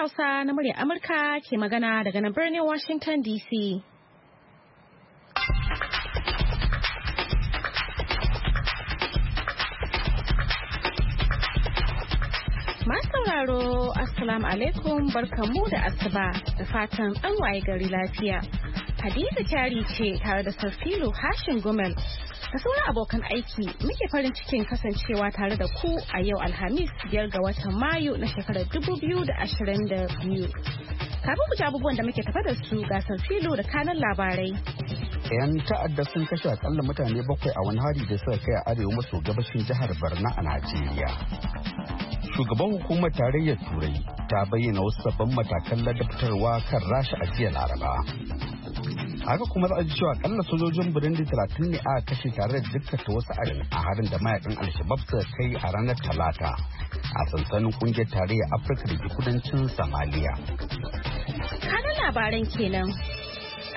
Hausa na murya Amurka ke magana daga nan birnin Washington DC. Masu sauraro Assalamu alaikum barkamu da asuba da fatan an waye gari lafiya. Hadiza kyari ce tare da Sarfilo Hashin Gumel da sauran abokan aiki muke farin cikin kasancewa tare da ku a yau alhamis biyar ga watan mayu na shekarar dubu biyu da ashirin da biyu kafin ku ci abubuwan da muke tafa da su gasar filo da kanan labarai yan ta'adda sun kashe akalla mutane bakwai a wani hari da suka kai a arewa maso gabashin jihar barna a najeriya shugaban hukumar tarayyar turai ta bayyana wasu sabbin matakan ladabtarwa kan rasha ajiyar jiya laraba haka kuma za a ji cewa kalla sojojin burundi talatin ne aka kashe tare da ta wasu a harin da mayakan alshabab suka kai a ranar talata a sansanin kungiyar tarayyar afirka da ke kudancin samaliya kanan labaran kenan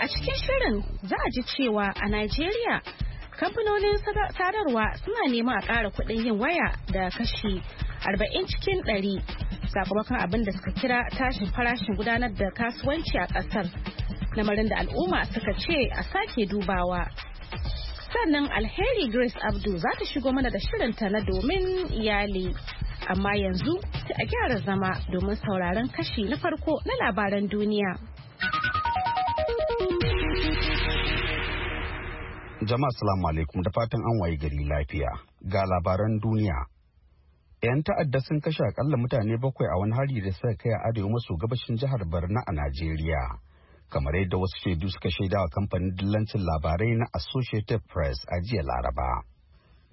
a cikin shirin za a ji cewa a najeriya kamfanonin sadarwa suna neman a ƙara kuɗin yin waya da kashi 40 cikin 100 sakamakon abin da suka kira tashin farashin gudanar da kasuwanci a ƙasar lamarin da al'umma suka ce a sake dubawa. Sannan alheri Grace Abdu za ta shigo mana da shirinta na domin iyali. Amma yanzu sai a gyara zama domin sauraron kashi na farko na labaran duniya. Jama'a salamu alaikum da fatan an waye gari lafiya ga labaran duniya. 'Yan ta'adda sun kashe akalla mutane bakwai a wani hari da suka kai a arewa maso gabashin jihar Barna a Najeriya. kamar yadda wasu shaidu suka shaida wa kamfanin dillancin labarai na associated press a jiya laraba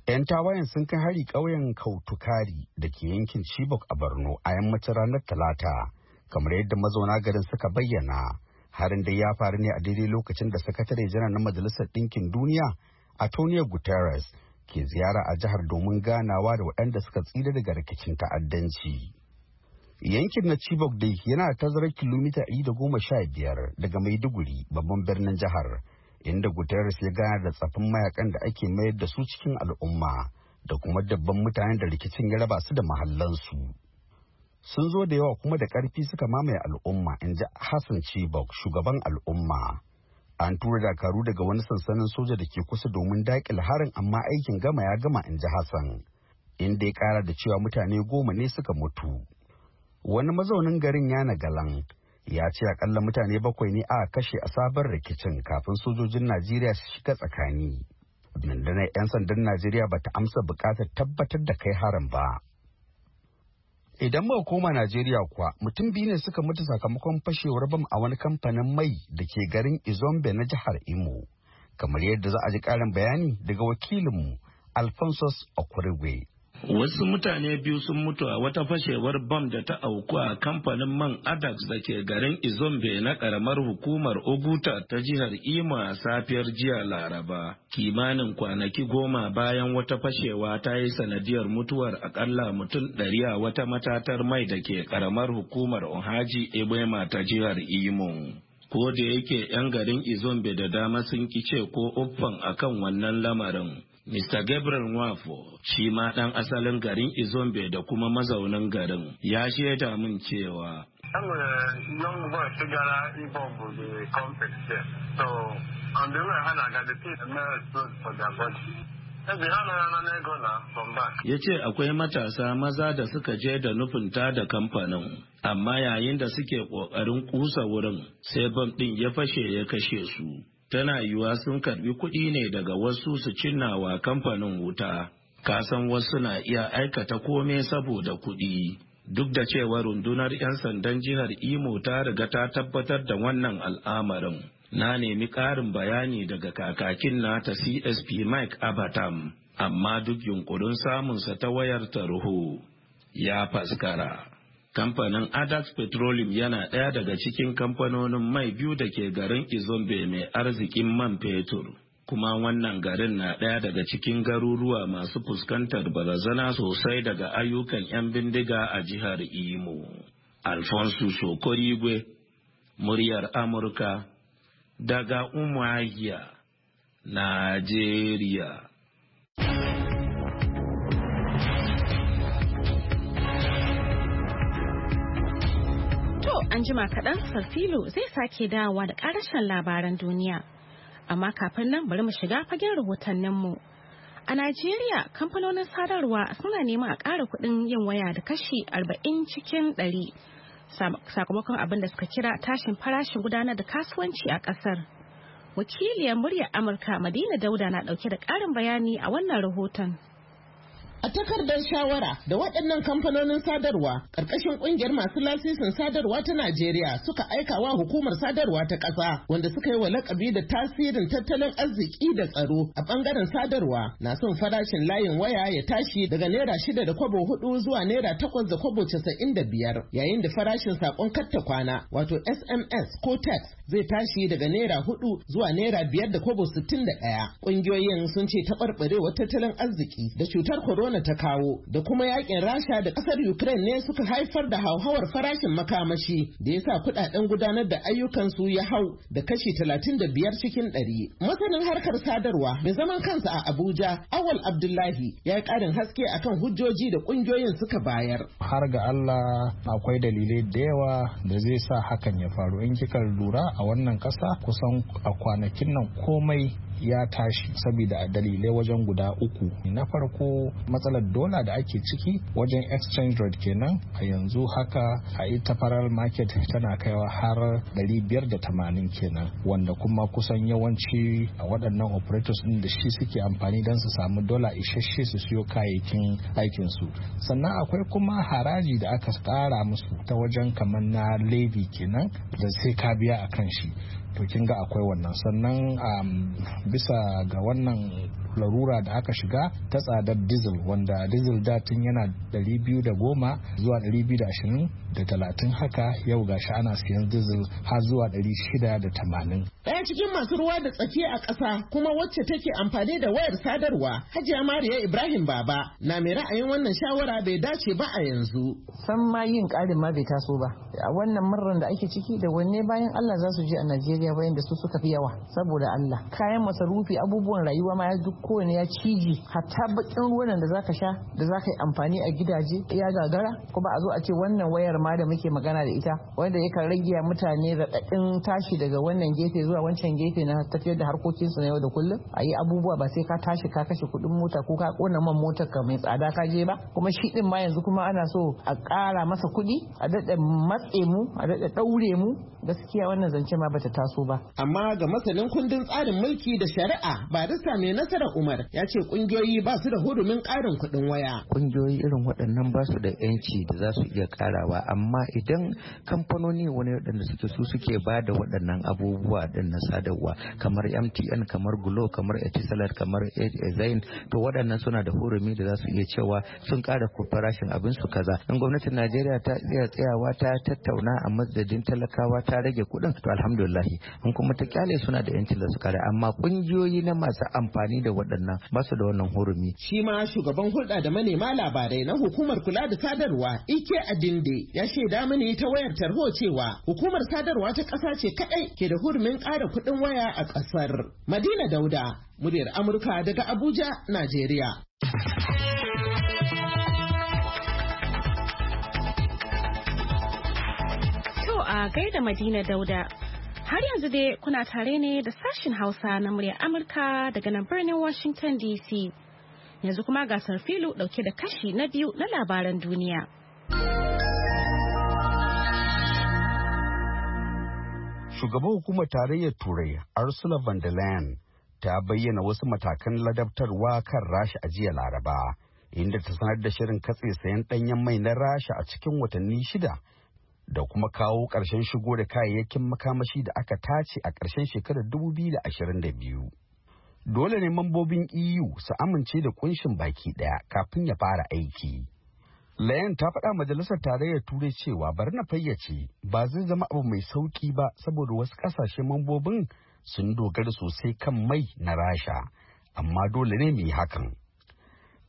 'yan tawayen sun kai hari ƙauyen kautukari da ke yankin chibok a borno a yammacin ranar talata kamar yadda mazauna garin suka bayyana harin da ya faru ne a daidai lokacin da sakatare janar na majalisar ɗinkin duniya antonio guterres ke ziyara a jihar domin ganawa da waɗanda suka tsira daga rikicin ta'addanci yankin na chibok dai yana tazarar kilomita biyar daga maiduguri babban birnin jihar inda guterres ya gana da tsafin mayakan da ake mayar da su cikin al'umma da kuma dabban mutanen da rikicin ya raba su da mahallansu sun zo da yawa kuma da ƙarfi suka mamaye al'umma in ji hassan chibok shugaban al'umma an tura dakaru daga wani sansanin soja da ke kusa domin daƙil harin amma aikin gama ya gama in ji hassan inda ya kara da cewa mutane goma ne suka mutu wani mazaunin garin yana galan ya ce akalla mutane bakwai ne a kashe a sabon rikicin kafin sojojin najeriya su shiga tsakani rundunar 'yan sandan najeriya ba ta amsa bukatar tabbatar da kai harin ba idan muka koma najeriya kuwa mutum biyu ne suka mutu sakamakon fashewar bam a wani kamfanin mai da ke garin izombe na jihar imo kamar yadda za a ji karin bayani daga wakilinmu alphonsus okurigwe Wasu mutane biyu sun mutu a wata fashewar bam da ta auku a kamfanin man Adax da ke garin Izombe na karamar hukumar Oguta ta jihar Imo a safiyar jiya Laraba. Kimanin kwanaki goma bayan wata fashewa ta yi sanadiyar mutuwar akalla mutum ɗari a wata matatar mai da ke karamar hukumar Ohaji Ebema ta jihar Imo. Ko da yake 'yan garin Izombe da dama sun kice ko uffan akan wannan lamarin. Mr. Gabriel Nwafo shi ma ɗan asalin garin Izombe da kuma mazaunin garin ya shaida min cewa ya ce akwai matasa maza da suka je da nufinta da kamfanin amma yayin da suke ƙoƙarin ƙusa wurin sai bam ɗin ya fashe ya kashe su tana yiwuwa sun karbi kuɗi ne daga wasu su cinnawa kamfanin wuta kasan wasu na iya aikata kome saboda kuɗi duk da cewa rundunar 'yan sandan jihar imo ta riga ta tabbatar da wannan al'amarin na nemi ƙarin bayani daga kakakin nata csp mike abatam amma duk yunkurin samunsa ta wayar tarho ya faskara Kamfanin Adax Petroleum yana ɗaya daga cikin kamfanonin mai biyu da ke garin Izombe mai arzikin man fetur. Kuma wannan garin na ɗaya daga cikin garuruwa masu fuskantar barazana sosai daga ayyukan 'yan bindiga a jihar Imo. Alfonso Sokorigwe, muryar Amurka, daga Umuahia, Najeriya. An jima kaɗan Sarfilu zai sake dawowa da ƙarashin labaran duniya. Amma kafin nan bari mu shiga fagen rahotanninmu. A Najeriya, kamfanonin sadarwa suna neman a ƙara kuɗin yin waya da kashi arba'in cikin 100 sakamakon abin da suka kira tashin farashin gudanar da kasuwanci a ƙasar. Wakiliyar Murya Amurka Madina Dauda na ɗauke da ƙarin bayani a wannan rahoton. A takardar shawara da waɗannan kamfanonin sadarwa ƙarƙashin ƙungiyar masu lasisin sadarwa ta Najeriya suka aika wa hukumar sadarwa ta ƙasa wanda suka yi wa laƙabi da tasirin tattalin arziki da tsaro a ɓangaren sadarwa na son farashin layin waya ya tashi daga naira shida da kwabo hudu zuwa naira takwas da kwabo casa'in da biyar yayin da farashin saƙon katta kwana wato SMS ko text zai tashi daga naira hudu zuwa naira biyar da kwabo sittin da ɗaya. Ƙungiyoyin sun ce taɓarɓarewar tattalin arziki da cutar corona corona ta kawo da kuma yakin rasha da kasar ukraine ne suka haifar da hauhawar farashin makamashi da ya sa kudaden gudanar da ayyukan su ya hau da kashi talatin da biyar cikin ɗari masanin harkar sadarwa mai zaman kansa a abuja awal abdullahi ya yi ƙarin haske akan hujjoji da ƙungiyoyin suka bayar har ga allah akwai dalilai da yawa da zai sa hakan ya faru in kika lura a wannan kasa kusan a kwanakin nan komai ya tashi saboda dalilai wajen guda uku na farko matsalar dola da ake ciki wajen exchange rate kenan a yanzu haka a ita farar market tana kaiwa har 580 kenan wanda kuma kusan yawanci a waɗannan operators din da shi suke amfani don su samu dola isasshe su siyo kayayyakin aikinsu sannan akwai kuma haraji da aka tsara musu ta wajen kamar na levy kenan da sai ka biya a kan shi to kin ga akwai wannan sannan bisa ga wannan larura da aka shiga ta tsadar diesel wanda diesel datin yana 210 zuwa 220 da talatin haka yau ga shi ana siyan diesel har zuwa 680 daya cikin masu ruwa da tsaki a ƙasa kuma wacce take amfani da wayar sadarwa Hajji Amariya ibrahim baba na mai ra'ayin wannan shawara bai dace ba a yanzu san ma yin ƙarin ma bai taso ba a wannan murran da ake ciki da wanne bayan allah za su je a najeriya bayan da su suka fi yawa saboda allah kayan masarufi abubuwan rayuwa ma ya duk kowane ya ciji hatta bakin ruwan da zaka sha da zaka yi amfani a gidaje ya gagara kuma a zo a ce wannan wayar ma da muke magana da ita wanda yakan rage mutane raɗaɗin tashi daga wannan gefe zuwa wancan gefe na tafiyar da su na yau da kullum a yi abubuwa ba sai ka tashi ka kashe kuɗin mota ko ka kona man motar ka mai tsada ka je ba kuma shi ɗin ma yanzu kuma ana so a ƙara masa kuɗi a daɗa matse mu a daɗa ɗaure mu gaskiya wannan zance ma bata taso ba. Amma ga masanin kundin tsarin mulki da shari'a ba da mai nasara Umar ya ce kungiyoyi ba su da hurumin ƙarin kuɗin waya. Kungiyoyi irin waɗannan ba su da yanci da za su iya ƙarawa amma idan kamfanoni wani waɗanda suke su suke ba da waɗannan abubuwa ɗin na sadarwa kamar MTN kamar Glo kamar Etisalat kamar Zain to waɗannan suna da hurumi da za su iya cewa sun ƙara farashin abin su kaza. Dan gwamnatin Najeriya ta iya tsayawa ta tattauna a madadin talakawa ta rage kuɗin to alhamdulillah in kuma ta kyale suna da yanci da su kare amma kungiyoyi na masu amfani da waɗannan ba su da wannan hurumi. Shi ma shugaban hulɗa da manema labarai na hukumar kula da sadarwa Ike a dinde ya shaida mini ta wayar tarho cewa hukumar sadarwa ta ƙasa ce kaɗai ke da hurumin ƙara kuɗin waya a ƙasar. Madina Dauda, muryar Amurka daga Abuja, Najeriya. To a gaida Madina Dauda. Har yanzu dai kuna tare ne da sashin Hausa na muryar Amurka daga nan birnin Washington DC. Yanzu kuma gasar filu dauke da kashi na biyu na labaran duniya. Shugaban hukumar tarayyar Turai Ursula von der Leyen ta bayyana wasu matakan ladabtarwa kan rasha a jiya laraba inda ta sanar da shirin katse sayan danyen mai na rasha a cikin watanni shida da kuma kawo ƙarshen shigo da kayayyakin makamashi da aka tace a ƙarshen shekarar 2022. Dole ne mambobin EU su amince da kunshin baki ɗaya kafin ya fara aiki. Layan ta faɗa majalisar tarayyar turai cewa bari na fayyace ba zai zama abu mai sauƙi ba saboda wasu ƙasashe mambobin sun dogara sosai kan mai na rasha amma dole ne mu yi hakan.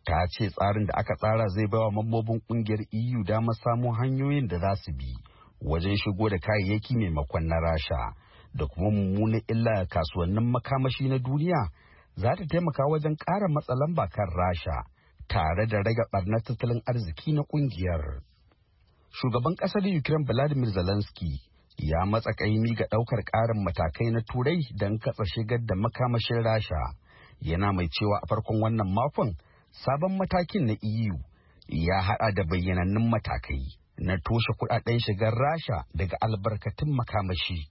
ta ce tsarin da aka tsara zai baiwa mambobin ƙungiyar EU damar samo hanyoyin da za su bi wajen shigo da kayayyaki maimakon na rasha da kuma mummunan illa kasuwannin makamashi na duniya za ta taimaka wajen ƙara matsa lamba kan rasha tare da rage ɓarnar tattalin arziki na ƙungiyar. Shugaban ƙasar Ukraine Vladimir Zelensky ya matsa ƙaimi ga ɗaukar ƙarin matakai na turai don katsa shigar da makamashin rasha yana mai cewa a farkon wannan makon sabon matakin na EU ya haɗa da bayyanannun matakai na toshe kudaden shigar rasha daga albarkatun makamashi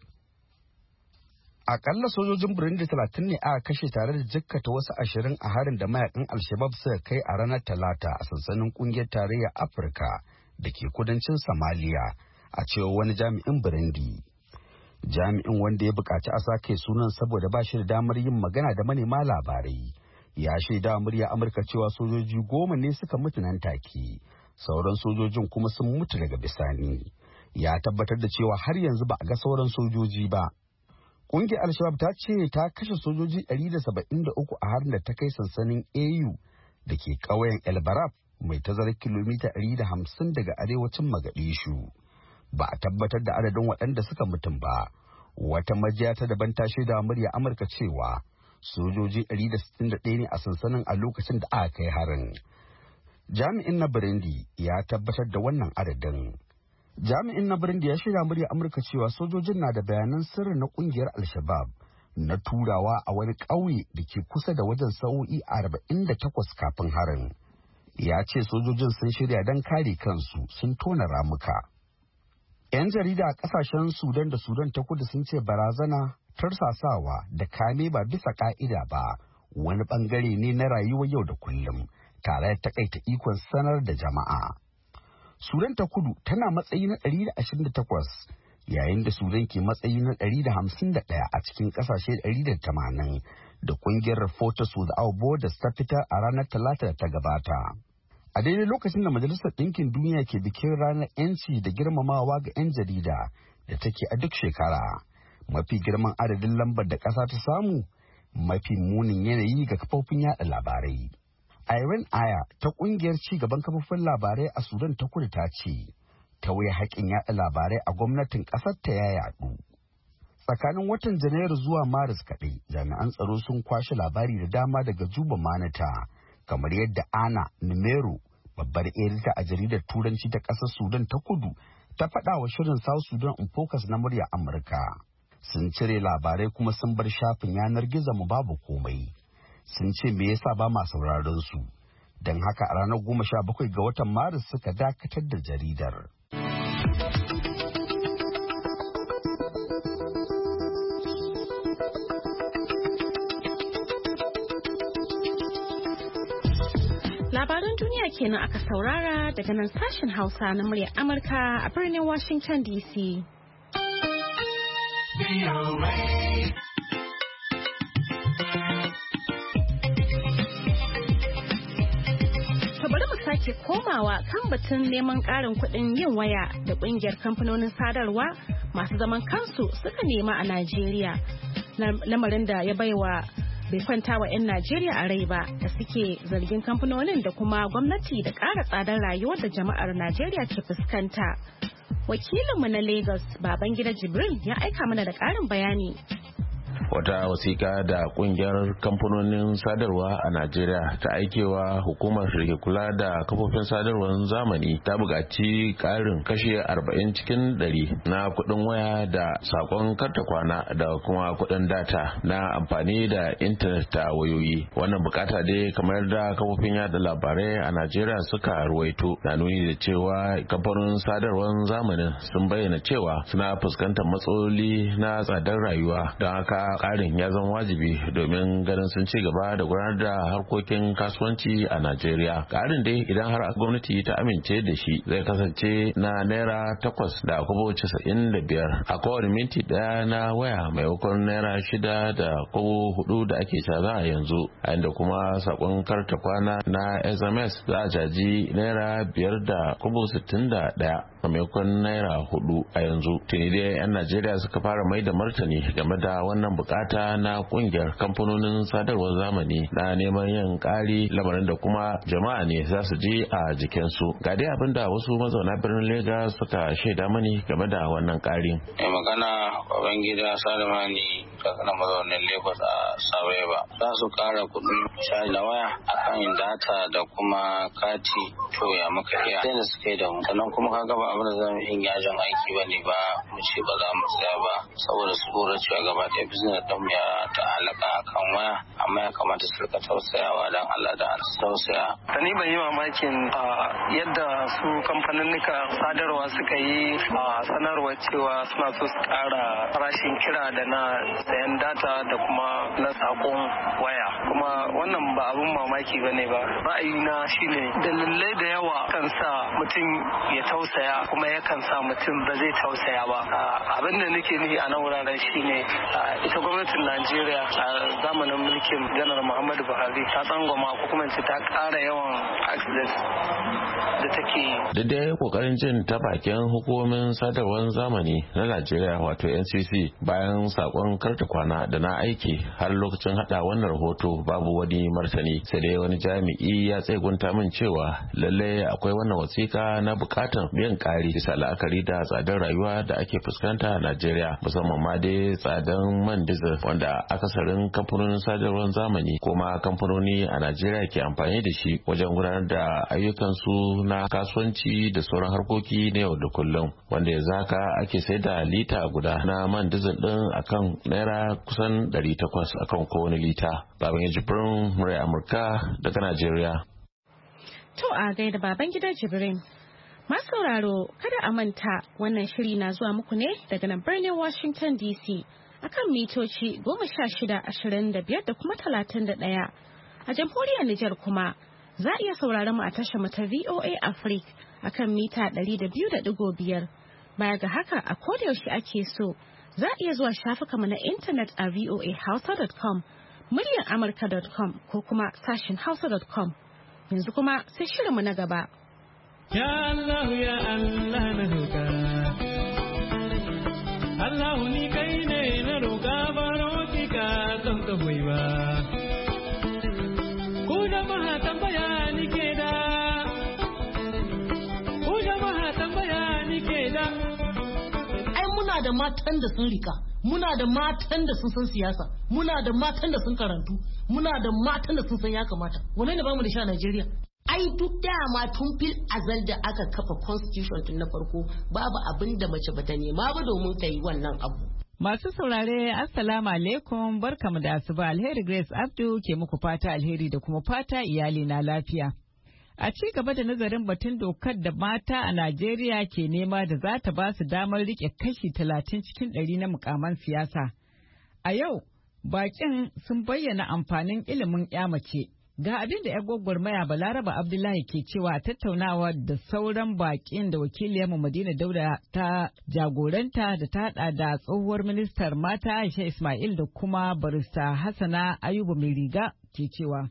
akalla sojojin burundi talatin ne aka kashe tare da jikkata wasu ashirin a harin da mayakan alshabab suka kai a ranar talata a sansanin kungiyar tarayya afirka da ke kudancin Somalia a cewa wani jami'in burundi jami'in wanda ya buƙaci a sake sunan saboda ba shi da damar yin magana da manema labarai ya shaida murya amurka cewa sojoji goma ne suka mutu nan take sauran sojojin kuma sun mutu daga bisani ya tabbatar da cewa har yanzu ba a ga sauran sojoji ba ƙungiyar Alshabab ta ce ta kashe sojoji 173 a harin da ta kai sansanin au da ke ƙauyen elbarab mai tazarar kilomita 150 daga arewacin magadishu ba a tabbatar da adadin waɗanda suka mutum ba wata majiya ta daban ta shaida murya amurka cewa sojoji 161 ne a sansanin a lokacin da aka kai harin jami'in na burundi ya tabbatar da wannan adadin jami'in na burundi ya shirya murya amurka cewa sojojin na da bayanan sirri na kungiyar Alshabab na turawa a wani ƙauye da ke kusa da wajen sa'o'i takwas kafin harin ya ce sojojin sun shirya don kare kansu sun tona ramuka 'yan jarida a kasashen sudan da sudan ta kudu sun ce barazana tarsasawa da kame ba bisa ka'ida ba wani bangare ne na rayuwar yau da kullum tare da takaita ikon sanar da jama'a. Sudan ta kudu tana matsayi na 128 yayin da Sudan ke matsayi na 151 a cikin kasashe 180 da kungiyar Reporters Without Borders ta fitar a ranar Talata da ta gabata. A daidai lokacin da Majalisar Ɗinkin Duniya ke bikin ranar 'yanci da girmamawa ga 'yan jarida da take a duk shekara. Mafi girman adadin lambar da ƙasa ta samu, mafi munin yanayi ga kafofin yaɗa labarai. Irene Aya ta kungiyar ci gaban kafofin labarai a Sudan ta kudu ta ce, ta wuya haƙƙin yaɗa labarai a gwamnatin ƙasar ta ya yaɗu. Tsakanin watan Janairu zuwa Maris kaɗai, jami'an tsaro sun kwashe labari da dama daga Juba Manata, kamar yadda Ana Numero, babbar erita a jaridar Turanci ta ƙasar Sudan ta kudu, ta faɗa wa shirin South Sudan in Focus na murya Amurka. Sun cire labarai kuma sun bar shafin yanar gizo mu babu komai. sun ce me yasa ba ma sauraron su don haka a ranar goma sha bakwai ga watan maris suka dakatar da jaridar. Labaran duniya kenan aka saurara daga nan sashen Hausa na murya Amurka a birnin Washington DC. sake komawa kan batun neman ƙarin kuɗin yin waya da ƙungiyar kamfanonin sadarwa masu zaman kansu suka nema a Najeriya. Lamarin da ya baiwa bai kwanta wa 'yan Najeriya a rai ba da suke zargin kamfanonin da kuma gwamnati da ƙara tsadar rayuwar da jama'ar Najeriya ke fuskanta. Wakilinmu na Lagos, Babangida Jibril, ya aika mana da ƙarin bayani. wata wasiƙa da kungiyar kamfanonin sadarwa a najeriya ta aikewa hukumar shirke kula da kafofin sadarwar zamani ta buƙaci ƙarin kashe 40 cikin 100 na kuɗin waya da sakon karta kwana da kuma kuɗin data na amfani da intanet ta wayoyi wannan bukata dai kamar da kafofin yada labarai a najeriya suka ruwaito na nuni da cewa kamfanonin sadarwar zamanin sun bayyana cewa suna fuskantar matsaloli na tsadar rayuwa don haka karin ya zama wajibi domin ganin sun ci gaba da gudanar da harkokin kasuwanci a najeriya karin dai idan har gwamnati ta amince da shi zai kasance na naira takwas da kobo casa'in da biyar a kowane minti daya na waya maimakon naira shida da kobo hudu da ake caza a yanzu a inda kuma sakon karta kwana na sms za a caji naira biyar da kobo sittin da daya maimakon naira hudu a yanzu tuni dai yan najeriya suka fara mai da martani game da wannan bukata na kungiyar kamfanonin sadarwar zamani na neman yin kari lamarin da kuma jama'a ne za su ji a jikinsu ga dai abin da wasu mazauna birnin Legas suka shaida mani game da wannan kari Mai magana Babangida Salimani kakana mazaunin Lagos a Sabaiba za su kara kudin caji na waya akan data da kuma kati toya ya iya sai da suke da mu sannan kuma ka gaba abin da za yin yajin aiki ba ne ba mu ce ba za mu tsaya ba saboda su gora cewa gaba ɗaya business ɗin ya kan waya amma ya kamata su rika tausayawa don Allah da tausaya. Ta ni ban yi mamakin yadda su kamfanin sadarwa suka yi sanarwa cewa suna so su ƙara farashin kira da na sayan data da kuma na sakon waya kuma wannan ba abun mamaki ba ne ba ra'ayina shine dalilai da yawa kan sa mutum ya tausaya kuma yakan sa mutum ba zai tausaya ba abin da nake ni a nan wuraren shine ita ta gwamnatin najeriya a zamanin mulkin janar muhammadu buhari ta tsangwama ko kuma ta ƙara yawan accident da take da dai kokarin jin ta bakin hukumomin sadarwar zamani na najeriya wato ncc bayan sakon karta kwana da na aiki har lokacin hada wannan rahoto babu wani martani sai dai wani jami'i ya tsegunta min cewa lalle akwai wannan wasiƙa na bukatan biyan kari bisa la'akari da tsadar rayuwa da ake fuskanta a najeriya musamman ma dai tsadan man man diesel wanda akasarin kamfanonin sadarwar zamani kuma kamfanoni a Najeriya ke amfani da shi wajen gudanar da ayyukansu na kasuwanci da sauran harkoki na yau da kullum wanda ya zaka ake sai da lita guda na man diesel din akan naira kusan 800 akan kowane lita. Baban Jibrin Murai Amurka daga Najeriya. To a gaida baban gida Jibrin. Masu sauraro kada a manta wannan shiri na zuwa muku ne daga nan birnin Washington DC akan mitoci goma sha shida ashirin da biyar da kuma talatin da ɗaya. A jamhuriyar Nijar kuma za a iya sauraron mu a tashar ta VOA Africa akan mita ɗari da biyu da ɗigo biyar. Baya ga haka a kodayaushe ake so za a iya zuwa shafukanmu na intanet a voahausa.com, muryar amurka.com ko kuma sashin hausa.com. Yanzu kuma sai shirinmu na gaba. Ya Allah ya Allah na Allah ni kai ne na roƙa baro ki ka san ba ku jama'a tambaya ni ke da ku jama'a tambaya ni ke da ai muna da matan da sun rika muna da matan da sun san siyasa muna da matan da sun karantu muna da matan da sun san ya kamata wane ne bamu da sha a Najeriya ai duk dama tun fil azal da aka kafa constitution tun na farko babu abin da mace bata nema ba domin ta yi wannan abu Masu saurare Assalamu alaikum barkamu da asuba alheri Grace Abdu ke muku fata alheri da kuma fata iyali na lafiya. A ci gaba da nazarin batun dokar da mata a Najeriya ke nema da za ta ba su damar rike kashi talatin cikin ɗari na mukaman siyasa. A yau, bakin sun bayyana amfanin ilimin mace Ga abin da 'yan gwagwarmaya Balaraba Abdullahi ke cewa tattaunawa da sauran bakin da wakiliyarmu Madina Dauda ta jagoranta da ta hada da tsohuwar ministar mata Aisha Ismail da kuma barista Hassana Ayuba mai riga ke cewa.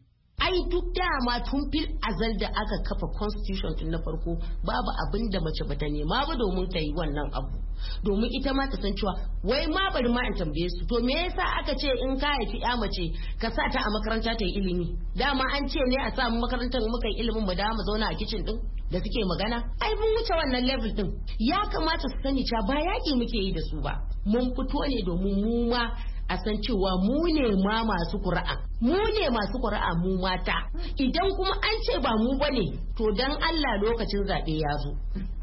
ai duk dama tun fil azal da aka kafa constitution din na farko babu abin da mace bata nema ba domin ta yi wannan abu domin ita ma ta san cewa wai ma bari ma in tambaye su to me yasa aka ce in ka haifi ya mace ka sa ta a makaranta ta yi ilimi dama an ce ne a samu makarantar muka yi ilimin mu da mu zauna a kicin din da suke magana ai mun wuce wannan level din ya kamata su sani cewa ba yaki muke yi da su ba mun fito ne domin mu ma a san cewa mu ne ma masu ƙura'a mu ne masu ƙura'a mu mata idan kuma an ce ba mu ba ne to dan Allah lokacin zaɓe ya zo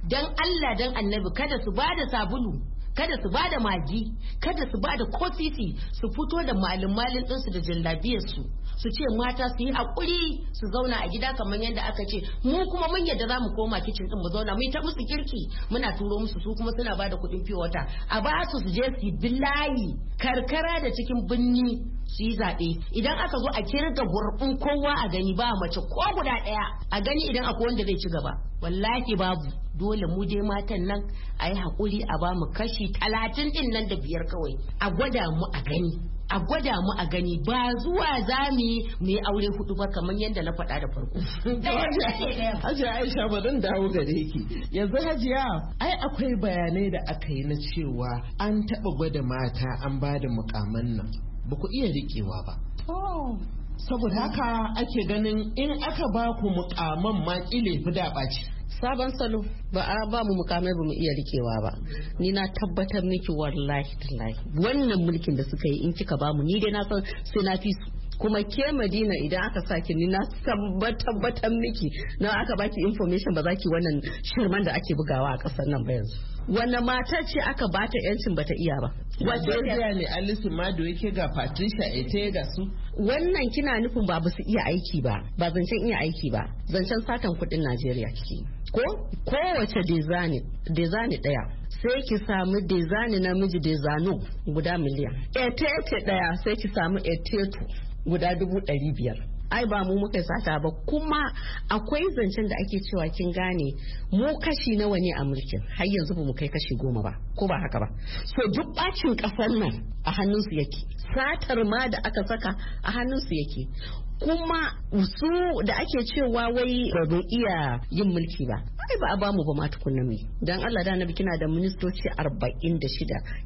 dan Allah dan annabi kada su ba da sabulu kada su ba da magi kada su ba da kofisi su fito da malin malin ɗinsu da jallabiyarsu su ce mata su yi hakuri su zauna a gida kamar yadda aka ce mu kuma mun yadda za mu koma kicin din mu zauna mu ta musu kirki muna turo musu su kuma suna bada kuɗin fiwata wata a ba su su je su bilayi karkara da cikin binni su yi zaɓe idan aka zo a kirga gurbin kowa a gani ba mace ko guda ɗaya a gani idan akwai wanda zai ci gaba wallahi babu dole mu dai matan nan a yi hakuri a ba mu kashi talatin din nan da biyar kawai a gwada mu a gani a gwada mu a gani ba zuwa za mu yi aure hudu ba kamar yadda na faɗa da farko. Hajiya Aisha ba zan dawo gare ki. Yanzu Hajiya ai akwai bayanai da aka yi na cewa an taɓa gwada mata an ba da mukaman nan ba ku iya riƙewa ba. Saboda haka ake ganin in aka ba ku mukaman ma ƙile fi da ɓaci. sabon salo ba a ba mu mukamai ba mu iya rikewa ba ni na tabbatar miki wallahi tallahi wannan mulkin da suka yi in kika ba mu ni dai na san sai na fi su kuma ke madina idan aka saki ni na tabbatar miki na aka baki information ba za ki wannan shirman da ake bugawa a kasar nan ba yanzu wannan mata ce aka bata yancin bata iya ba wato ne alisu Madu yake ga patricia ita ga su wannan kina nufin ba su iya aiki ba ba zancen iya aiki ba zancen satan kudin najeriya ciki ko kowace dezani daya sai ki samu dezani namiji dezano guda miliyan etetu daya sai ki samu etetu guda dubu ɗari biyar ai ba mu muka sata ba kuma akwai zancen da ake cewa kin gane mu kashi nawa ne a mulkin har yanzu ba mu kai kashi goma ba ko ba haka ba so duk bacin kasar nan a hannunsu yake satar ma da aka saka a hannunsu yake kuma su da ake cewa wai ba iya yin mulki ba ai ba a bamu ba mata tukunna me dan Allah da nabi kina da ministoci 46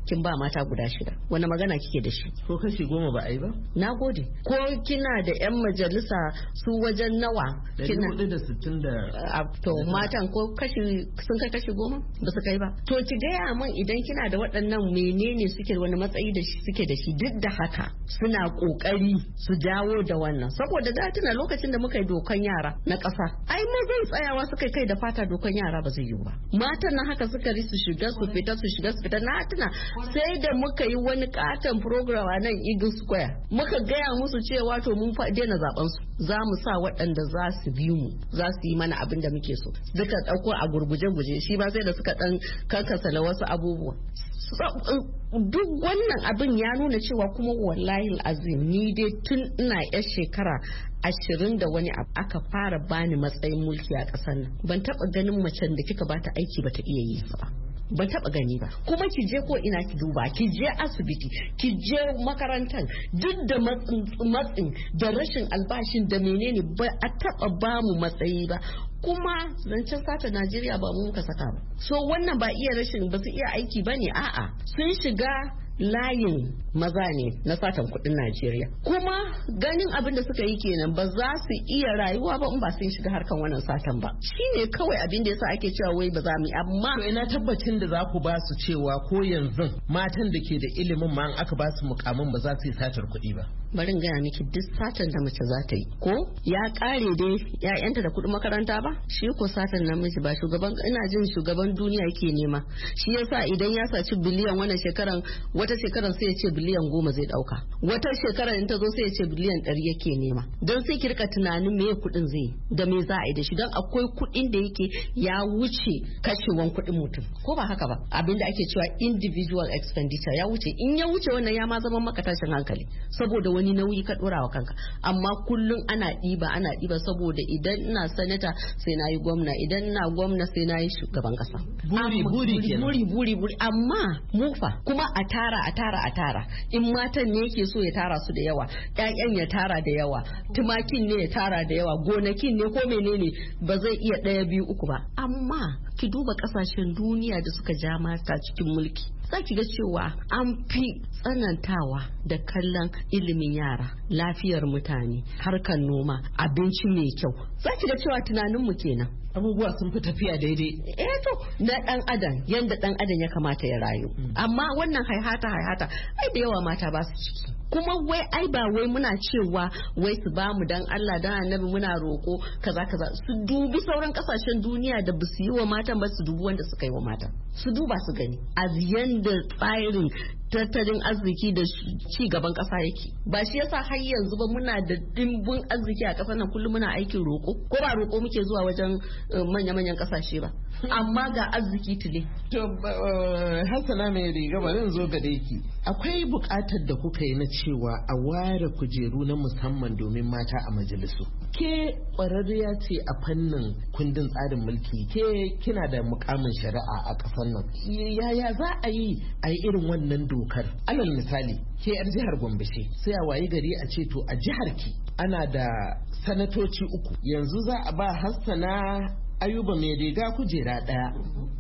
kin ba mata guda shida wani magana kike da shi ko kashi goma ba ai ba nagode ko kina da yan majalisa su wajen nawa kina da 60 da to matan ko kashi sun kai kashi goma ba su kai ba to ki gaya mun idan kina da waɗannan menene suke wani matsayi da shi suke da shi duk da haka suna kokari su dawo da wannan saboda da tuna lokacin da muka yi dokan yara na ƙasa ai zan tsayawa suka kai da fata dokan yara ba zai yiwu ba matan na haka suka su shiga su fita su shiga su fita na tuna sai da muka yi wani katon program a nan Eagle Square muka gaya musu cewa to mun daina zaben su za mu sa waɗanda za su bi mu za su yi mana abin da muke so duka ɗauko a gurguje-guje shi ba sai da suka ɗan karkasa na wasu abubuwa duk wannan abin ya nuna cewa kuma wallahi azim ni dai tun ina yar shekara shekara ashirin da wani aka fara bani matsayin mulki a ƙasar nan ban taɓa ganin macen da kika bata aiki bata iya yi ba ban taba gani ba kuma ki je ko ina ki duba ki je asibiti ki je makarantar duk da matsin da rashin albashin da menene ba a taba bamu matsayi ba kuma zancen sata Najeriya ba mu muka saka ba so wannan ba iya rashin ba su iya aiki ba ne? a'a sun shiga layin maza ne na satan kudin Najeriya. Kuma ganin abin da suka yi kenan ba za su iya rayuwa ba in ba sun shiga harkan wannan satan ba. Shi ne kawai abin da yasa ake cewa wai ba za mu yi amma. To ina tabbacin da za ku ba su cewa ko yanzu matan da ke da ilimin ma aka ba su mukamin ba za su yi satar kuɗi ba. Bari gaya miki duk satan da mace za ta yi ko ya kare dai ya'yanta da kuɗin makaranta ba shi ko satan namiji ba shugaban ina jin shugaban duniya yake nema shi yasa idan ya saci biliyan wannan shekaran wata shekaran sai ya ce biliyan goma zai dauka wata shekara in ta zo sai ya ce biliyan ɗari yake nema don sai ki rika tunanin me kuɗin zai da me za a yi da shi don akwai kuɗin da yake ya wuce kashewan kuɗin mutum ko ba haka ba abinda ake cewa individual expenditure ya wuce in ya wuce wannan ya ma zama maka tashin hankali saboda wani nauyi ka ɗora wa kanka amma kullum ana ɗiba ana ɗiba saboda idan ina sanata sai na yi gwamna idan ina gwamna sai na yi shugaban kasa. buri buri amma mufa kuma a tara a tara a tara in matan ne ke so ya tara su da yawa ƴaƴan ya tara da yawa tumakin ne ya tara da yawa gonakin ne ko menene ba zai iya ɗaya biyu uku ba amma ki duba ƙasashen duniya da suka ja mata cikin mulki za ki ga cewa an fi tsanantawa da kallon ilimin yara lafiyar mutane harkar noma abinci mai kyau za ki ga cewa tunaninmu kenan abubuwa sun fi tafiya daidai eh to na dan adam yanda dan adam ya kamata ya rayu mm. amma wannan haihata haihata ai da yawa mata ba su ciki kuma wai ai ba wai muna cewa wai su ba mu dan Allah dan annabi muna roko kaza kaza su dubi sauran kasashen duniya da ba su yi wa matan ba su dubi wanda suka yi wa matan su duba su gani a yanda tsarin tattalin arziki da ci gaban kasa yake ba shi yasa har yanzu ba muna da dimbin arziki a kasar nan kullum muna aikin roko ko ba roko muke zuwa wajen eh, manya-manyan kasashe ba amma ga arziki tile. To eh, Hassana mai riga bari zo gare ki. Akwai buƙatar da kuka yi na cewa a ware kujeru na musamman domin mata a majalisu. Ke ƙwararriya ce a fannin kundin tsarin mulki ke kina da mukamin shari'a a ƙasar nan. Yaya za a yi a yi irin wannan dokar? Alal misali, ke 'yar jihar Gombe sai a wayi gari a ce to a jihar ki ana da sanatoci uku yanzu za a ba hassana ayuba mai riga kujera daya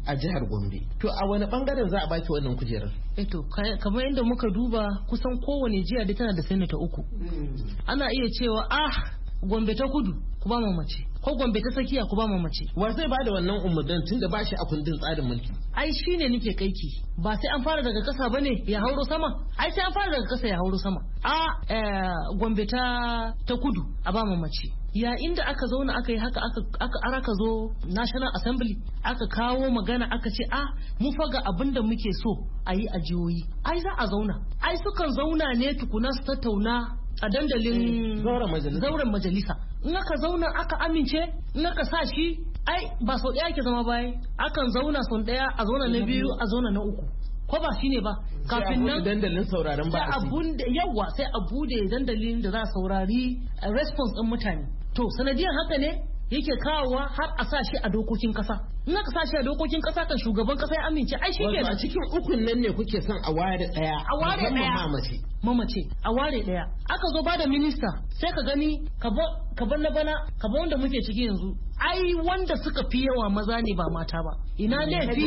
a jihar gombe to a wani bangaren za a baki wannan kujerar eto eh kamar yadda muka duba kusan kowane jiya da tana da senata uku hmm. ana iya cewa ah gombe ta kudu ku ba mu mace ko gombe ta tsakiya ku ba mu mace wa zai ba da wannan umurdan tunda ba shi a kundin tsarin mulki ai shine nake kaiki ba sai an fara daga kasa bane ya hauro sama ai sai an fara daga kasa ya hauro sama a eh, gombe ta ta kudu a ba mu mace ya inda aka zauna aka yi haka aka araka zo national assembly aka kawo magana aka ce ah mu faga abin da muke so a yi ajiyoyi ai za a zauna ai sukan zauna ne tukuna su tattauna a dandalin mm. zauren majalisa in aka zauna aka amince in aka sa shi ai ba sau ɗaya ke zama bai akan zauna sau ɗaya a zauna na biyu a zauna na uku ko ba shine ba kafin nan dandalin sauraron ba sai yawa sai a bude dandalin da za a saurari response din mutane to sanadiyar haka ne yake kawowa har a sashi a dokokin kasa in aka sa shi a dokokin kasa kan shugaban kasa ya amince ai shi ke cikin ukun nan ne kuke son a ware daya a ware daya mamace a ware daya aka zo ba da minista sai ka gani ka ban na bana ka bar wanda muke ciki yanzu ai wanda suka fi yawa maza ne ba mata ba ina laifi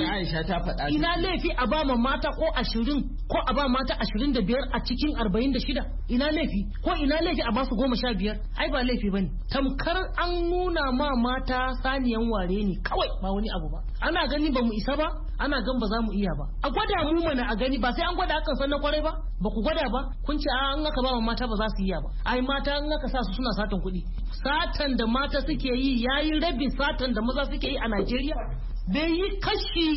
ina laifi a ba ma mata ko ashirin ko a ba mata ashirin da biyar a cikin arba'in da shida ina laifi ko ina laifi a ba su goma sha biyar ai ba laifi bane tamkar an nuna ma mata saniyan ware ne kawai ba wani abu ba ana gani ba mu isa ba ana gan ba za mu iya ba a gwada mu mana a gani ba sai an gwada akan sannan kwarai ba ba ku gwada ba kun ce an aka ba mata ba za su iya ba ai mata an aka sa su suna satan kuɗi satan da mata suke yi yayi rabin satan da maza suke yi a Najeriya bai yi kashi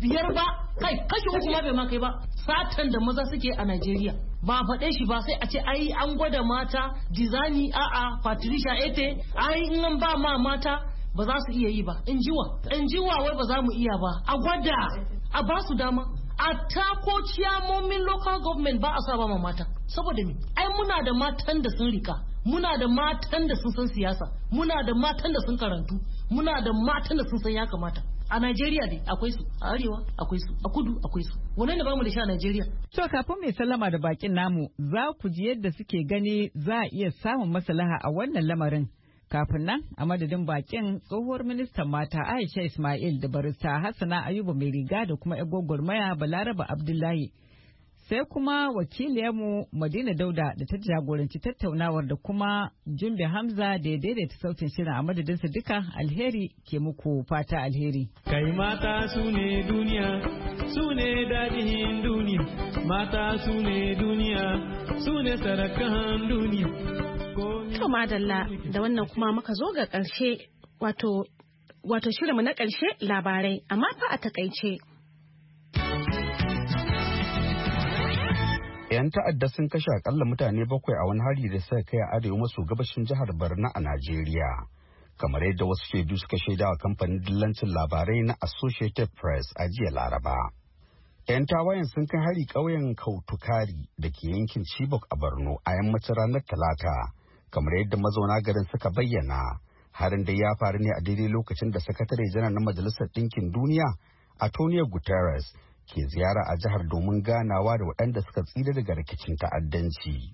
biyar ba kai kashi uku ma bai ma kai ba satan da maza suke a Najeriya ba faɗe shi ba sai a ce ai an gwada mata dizani a'a Patricia Ete ai in ba ma mata ba za su iya yi ba in jiwa in jiwa wai ba za mu iya ba a gwada a ba su dama a tako ciyamomin local government ba a sa ba mata saboda me ai muna da matan da sun rika muna da matan da sun san siyasa muna da matan da sun karantu muna da matan da sun san ya kamata a Najeriya dai akwai su a arewa akwai su a kudu akwai su wannan da bamu da sha a Najeriya to kafin mai sallama da bakin namu za ku ji yadda suke gani za a iya samun maslaha a wannan lamarin Kafin nan a madadin bakin tsohuwar ministan mata Aisha Ismail da barista Hassana Ayuba mai riga da kuma maya, Balaraba Abdullahi. Sai kuma wakiliyarmu Madina Dauda da ta jagoranci tattaunawar da kuma Jumbe Hamza da ya daidaita sautin shirin a madadinsa duka alheri ke muku fata alheri. Kai mata su ne duniya, su ne dadihin duniya, mata su ne duniya, su ne sarakan duniya. To madalla da wannan kuma muka zo ga ƙarshe wato wato shirinmu na ƙarshe labarai amma fa a takaice. 'Yan ta'adda sun kashe akalla mutane bakwai a wani hari da suka kai a arewa maso gabashin jihar Barna a Najeriya. Kamar yadda wasu shaidu suka shaida wa kamfanin dillancin labarai na Associated Press a jiya Laraba. 'Yan tawayen sun kai hari ƙauyen Kautukari da ke yankin Chibok a Borno a yammacin ranar Talata. kamar yadda mazauna garin suka bayyana harin da ya faru ne a daidai lokacin da sakatare janar na majalisar ɗinkin duniya antonio guterres ke ziyara a jihar domin ganawa da waɗanda suka tsira daga rikicin ta'addanci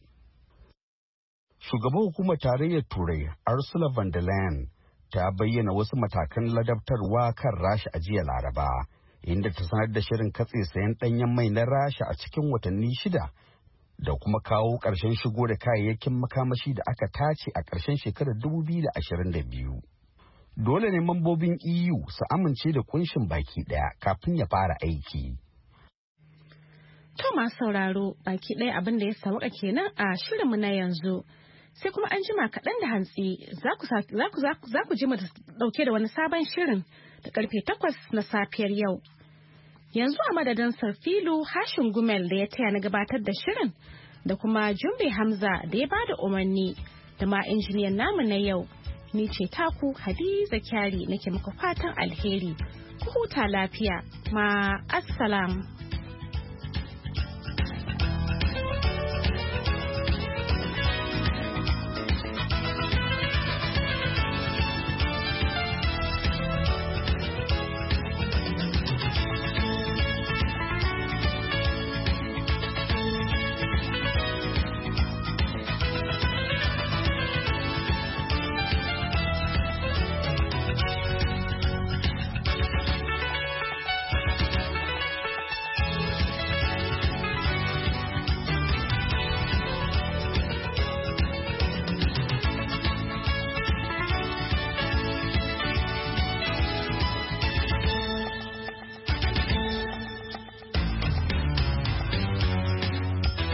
shugaban hukumar tarayyar turai ursula von der leyen ta bayyana wasu matakan ladabtarwa kan rasha a jiya laraba inda ta sanar da shirin katse sayan ɗanyen mai na rasha a cikin watanni shida da kuma kawo ƙarshen shigo da kayayyakin makamashi da aka tace a ƙarshen shekarar 2022. Dole ne mambobin EU su amince da kunshin baki ɗaya kafin ya fara aiki. To masu sauraro baki ɗaya abin da ya sauka kenan a shirinmu na yanzu. Sai kuma an jima kaɗan da hantsi za ku ji mu dauke da wani sabon shirin da karfe takwas na safiyar yau. yanzu a madadin sarfilu hashin gumel da ya taya na gabatar da shirin da kuma jumbe hamza da ya bada umarni da ma injiniyan namu na yau ni ce taku hadiza kyari nake muku fatan alheri ku huta lafiya ma assalam